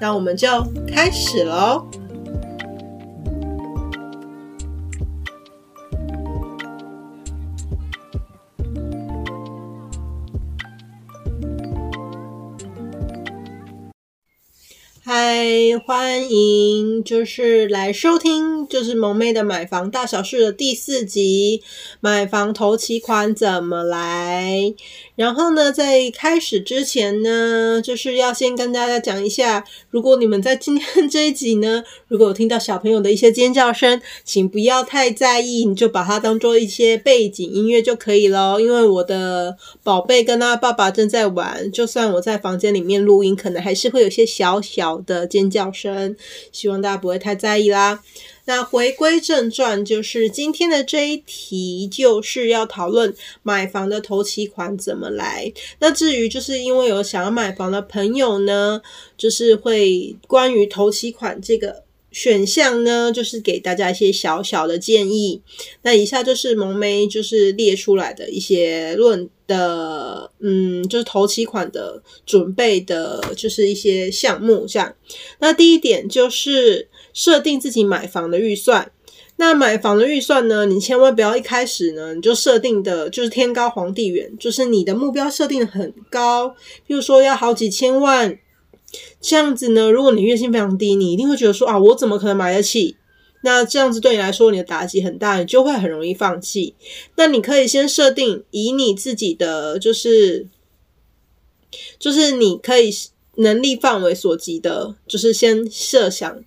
那我們就開始嘍。歡迎，就是來收聽，就是萌咩的買房大小事的第四集，買房頭期款怎麼來？然後呢，在開始之前呢，就是要先跟大家講一下，如果你們在今天這一集呢，如果有聽到小朋友的一些尖叫聲，請不要太在意，你就把它當做一些背景音樂就可以了。因為我的寶貝跟他爸爸正在玩，就算我在房間裡面錄音，可能還是會有一些小小的。的尖叫聲，希望大家不會太在意啦。那回歸正傳，就是今天的這一題，就是要討論買房的頭期款怎麼來。那至於就是因為有想要買房的朋友呢，就是會關於頭期款這個選項呢，就是給大家一些小小的建議。那以下就是萌咩就是列出來的一些論。的嗯，就是頭期款的準備的，就是一些項目這樣。那第一點就是設定自己買房的預算。那買房的預算呢，你千萬不要一開始呢，你就設定的就是天高皇帝遠，就是你的目標設定很高，比如說要好幾千萬這樣子呢。如果你月薪非常低，你一定會覺得說啊，我怎麼可能買得起？那這樣子對你來說，你的打擊很大，你就會很容易放棄。那你可以先設定以你自己的，就是就是你可以能力範圍所及的，就是先設想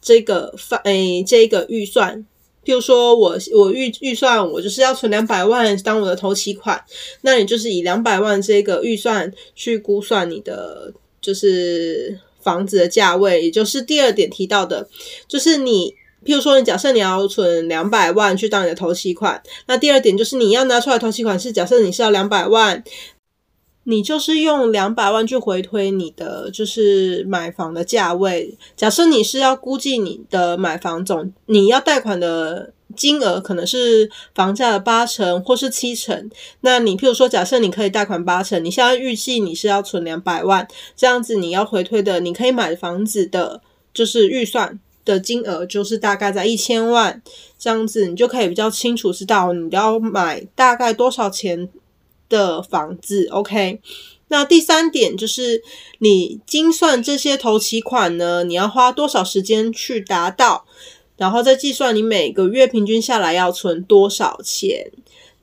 這個範，誒、欸，這個預算。譬如說我，我預預算，我就是要存兩百萬當我的頭期款。那你就是以兩百萬這個預算去估算你的就是房子的價位，也就是第二點提到的，就是你。譬如說，你假設你要存兩百萬去當你的頭期款，那第二點就是你要拿出來頭期款是，假設你是要兩百萬，你就是用兩百萬去回推你的就是買房的價位。假設你是要估計你的買房總，你要貸款的金額，可能是房價的八成或是七成。那你譬如說，假設你可以貸款八成，你現在預計你是要存兩百萬，這樣子你要回推的，你可以買房子的，就是預算的金額就是大概在一千萬這樣子，你就可以比較清楚知道你要買大概多少錢的房子。OK，那第三點就是你精算這些頭期款呢，你要花多少時間去達到，然後再計算你每個月平均下來要存多少錢。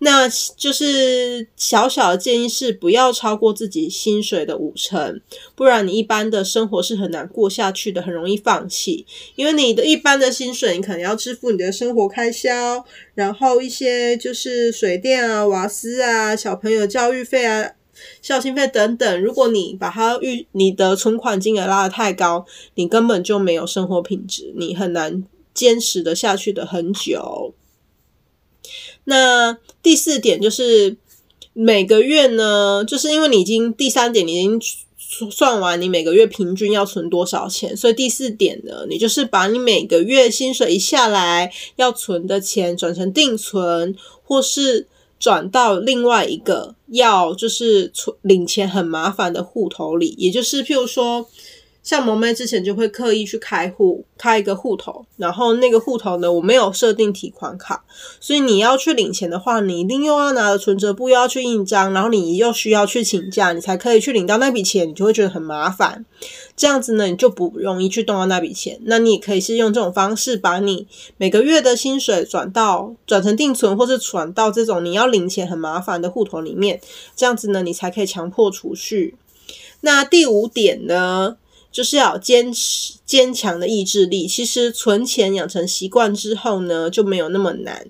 那就是小小的建議是不要超過自己薪水的五成，不然你一般的生活是很難過下去的，很容易放棄。因為你的一般的薪水，你可能要支付你的生活開銷，然後一些就是水電啊、瓦斯啊、小朋友教育費啊、孝親費等等。如果你把它預你的存款金額拉得太高，你根本就沒有生活品質，你很難堅持的下去的很久。那第四點就是每個月呢，就是因為你已經第三點，你已經算完，你每個月平均要存多少錢，所以第四點呢，你就是把你每個月薪水一下來要存的錢轉成定存，或是轉到另外一個要就是存領錢很麻煩的戶頭裡，也就是譬如說。像萌咩之前就會刻意去開戶開一個戶頭，然後那個戶頭呢，我沒有設定提款卡，所以你要去領錢的話，你一定又要拿着存折簿，又要去印章，然後你又需要去請假，你才可以去領到那筆錢，你就會覺得很麻煩。這樣子呢，你就不容易去動到那筆錢。那你也可以是用這種方式，把你每個月的薪水轉到轉成定存，或是轉到這種你要領錢很麻煩的戶頭裡面，這樣子呢，你才可以強迫儲蓄。那第五點呢？就是要堅持堅強的意志力。其實存錢養成習慣之後呢，就沒有那麼難。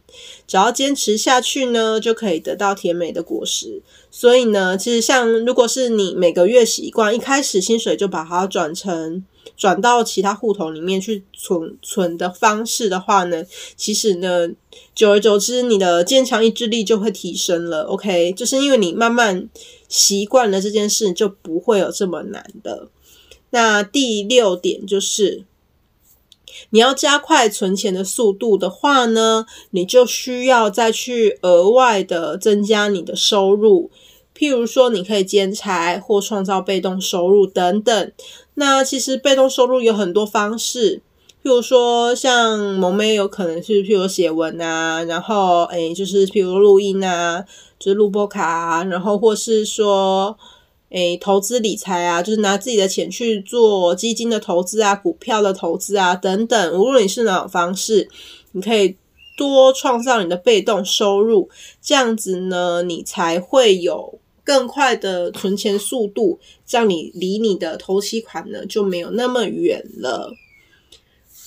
只要堅持下去呢，就可以得到甜美的果實。所以呢，其實像如果是你每個月習慣，一開始薪水就把它轉成，轉到其他戶頭裡面去存，存的方式的話呢，其實呢，久而久之你的堅強意志力就會提升了。OK，就是因為你慢慢習慣了這件事，就不會有這麼難的。那第六點就是，你要加快存錢的速度的話呢，你就需要再去額外的增加你的收入。譬如說，你可以兼差或創造被動收入等等。那其實被動收入有很多方式，譬如說，像萌咩有可能是譬如寫文啊，然後誒、欸、就是譬如錄音啊，就是錄播卡、啊，然後或是說。哎、欸，投資理財啊，就是拿自己的錢去做基金的投資啊，股票的投資啊，等等。無論你是哪種方式，你可以多創造你的被動收入，這樣子呢，你才會有更快的存錢速度，這樣你離你的頭期款呢就沒有那麼遠了。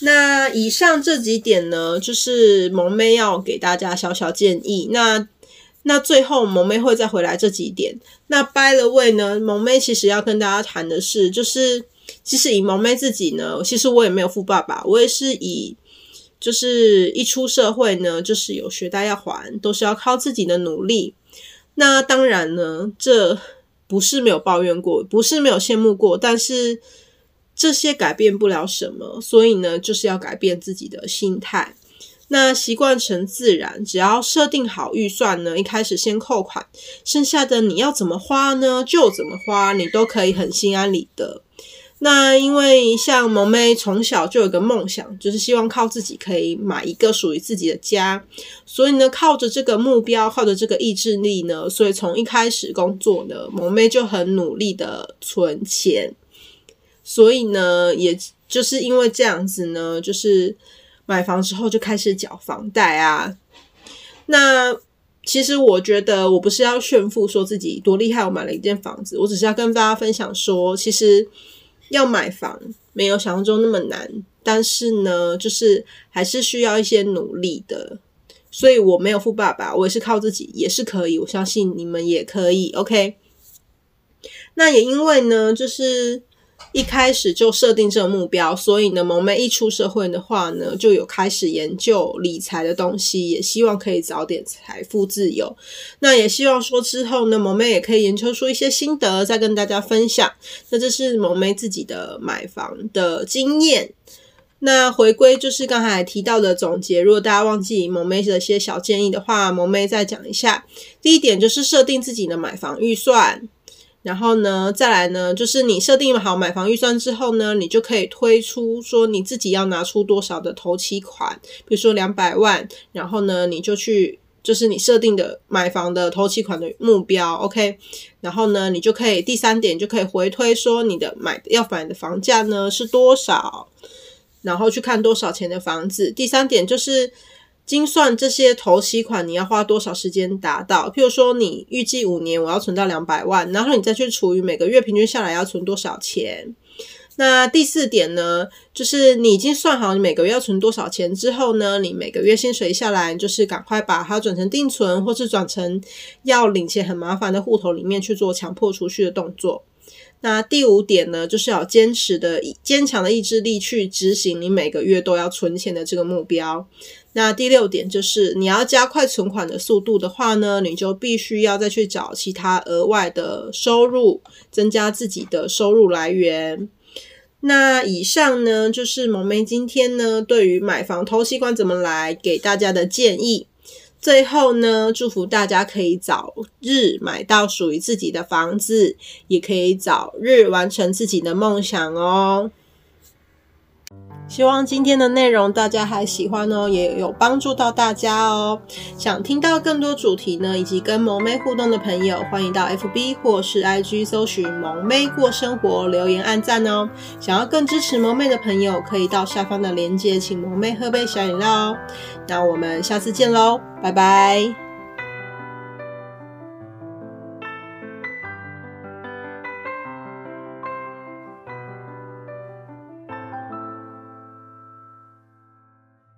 那以上這幾點呢，就是萌咩要給大家小小建議。那那最後，萌咩會再回來這幾點。那 by the way 呢，萌咩其實要跟大家談的是，就是其實以萌咩自己呢，其實我也沒有富爸爸，我也是以就是一出社會呢，就是有學貸要還，都是要靠自己的努力。那當然呢，這不是沒有抱怨過，不是沒有羨慕過，但是這些改變不了什麼，所以呢，就是要改變自己的心態。那習慣成自然，只要設定好預算呢，一開始先扣款，剩下的你要怎麼花呢，就怎麼花，你都可以很心安理得。那因為像萌咩從小就有一個夢想，就是希望靠自己可以買一個屬於自己的家，所以呢，靠着這個目標，靠着這個意志力呢，所以從一開始工作呢，萌咩就很努力的存錢，所以呢，也就是因為這樣子呢，就是。買房之後就開始繳房貸啊。那其實我覺得我不是要炫富，說自己多厲害，我買了一間房子。我只是要跟大家分享說，其實要買房沒有想象中那麼難，但是呢，就是還是需要一些努力的。所以我沒有富爸爸，我也是靠自己，也是可以。我相信你們也可以。OK。那也因為呢，就是。一開始就設定這個目標，所以呢，萌咩一出社會的話呢，就有開始研究理財的東西，也希望可以早點財富自由。那也希望說之後呢，萌咩也可以研究出一些心得，再跟大家分享。那這是萌咩自己的買房的經驗。那回歸就是剛才提到的總結，如果大家忘記萌咩的一些小建議的話，萌咩再講一下。第一點就是設定自己的買房預算。然後呢，再來呢，就是你設定好買房預算之後呢，你就可以推出說你自己要拿出多少的頭期款，比如說兩百萬，然後呢，你就去就是你設定的買房的頭期款的目標，OK，然後呢，你就可以第三點就可以回推說你的買要買的房價呢是多少，然後去看多少錢的房子。第三點就是。精算這些頭期款，你要花多少時間達到？譬如說，你預計五年，我要存到兩百萬，然後你再去除以每個月平均下來要存多少錢。那第四點呢，就是你已經算好你每個月要存多少錢之後呢，你每個月薪水下來，就是趕快把它轉成定存，或是轉成要領錢很麻煩的戶頭裡面去做強迫儲蓄的動作。那第五點呢，就是要堅持的堅強的意志力去執行你每個月都要存錢的這個目標。那第六點就是，你要加快存款的速度的話呢，你就必須要再去找其他額外的收入，增加自己的收入來源。那以上呢，就是萌咩今天呢對於買房、頭期款怎麼來給大家的建議。最後呢，祝福大家可以早日買到屬於自己的房子，也可以早日完成自己的夢想哦。希望今天的內容大家還喜歡哦，也有幫助到大家哦。想聽到更多主題呢，以及跟萌咩互動的朋友，歡迎到 FB 或是 IG 搜尋“萌咩過生活”留言按讚哦。想要更支持萌咩的朋友，可以到下方的連結，請萌咩喝杯小飲料哦。那我們下次見嘍，拜拜。